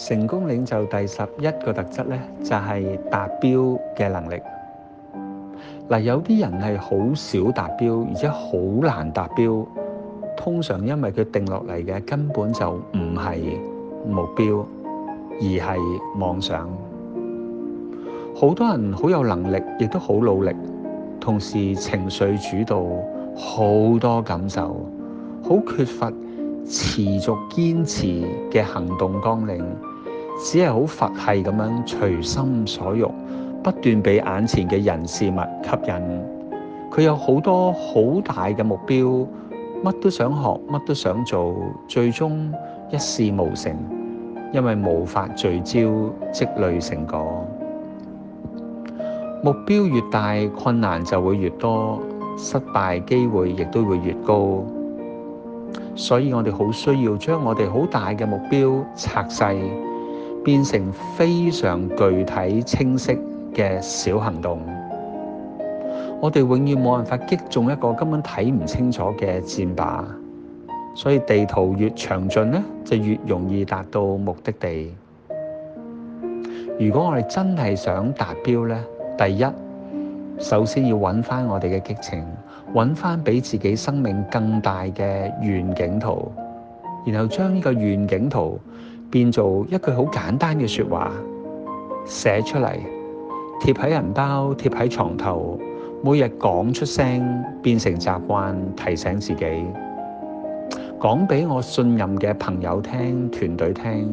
成功領袖第十一個特質呢，就係達標嘅能力。嗱，有啲人係好少達標，而且好難達標。通常因為佢定落嚟嘅根本就唔係目標，而係妄想。好多人好有能力，亦都好努力，同時情緒主導，好多感受，好缺乏持續堅持嘅行動綱領，只係好佛系咁樣隨心所欲，不斷畀眼前嘅人事物吸引。佢有好多好大嘅目標，乜都想學，乜都想做，最終一事無成，因為無法聚焦積累成果。目標越大，困難就會越多，失敗機會亦都會越高。所以我哋好需要將我哋好大嘅目標拆細，變成非常具體清晰嘅小行動。我哋永遠冇辦法擊中一個根本睇唔清楚嘅箭靶，所以地圖越詳盡呢就越容易達到目的地。如果我哋真係想達標呢，第一。首先要揾翻我哋嘅激情，揾翻比自己生命更大嘅願景圖，然後將呢個願景圖變做一句好簡單嘅説話寫出嚟，貼喺銀包、貼喺床頭，每日講出聲，變成習慣，提醒自己講，俾我信任嘅朋友聽、團隊聽，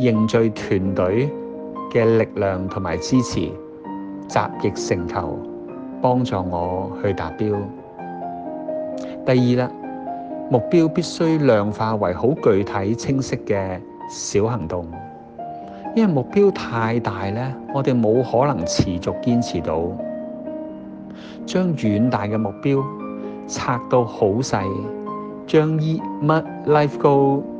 凝聚團隊嘅力量同埋支持，集腋成裘。幫助我去達標。第二啦，目標必須量化為好具體清晰嘅小行動，因為目標太大咧，我哋冇可能持續堅持到。將遠大嘅目標拆到好細，將 E-M-Life Goal。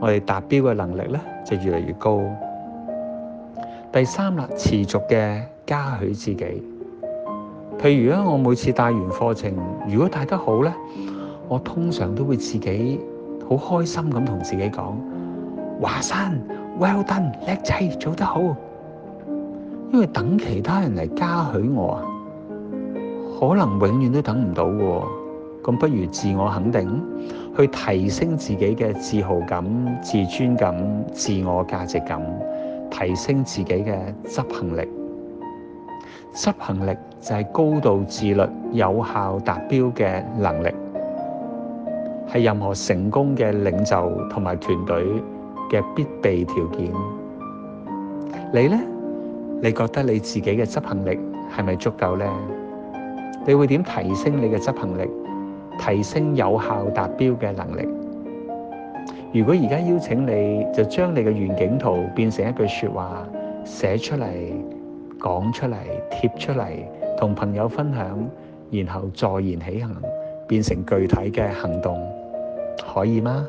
我哋達標嘅能力咧就越嚟越高。第三粒持續嘅嘉許自己，譬如咧我每次帶完課程，如果帶得好咧，我通常都會自己好開心咁同自己講：華山，Well done，叻仔，做得好。因為等其他人嚟嘉許我啊，可能永遠都等唔到嘅。咁不如自我肯定，去提升自己嘅自豪感、自尊感、自我價值感，提升自己嘅執行力。執行力就係高度自律、有效達標嘅能力，係任何成功嘅領袖同埋團隊嘅必備條件。你呢？你覺得你自己嘅執行力係咪足夠呢？你會點提升你嘅執行力？提升有效達標嘅能力。如果而家邀請你，就將你嘅願景圖變成一句說話，寫出嚟，講出嚟，貼出嚟，同朋友分享，然後坐言起行，變成具體嘅行動，可以嗎？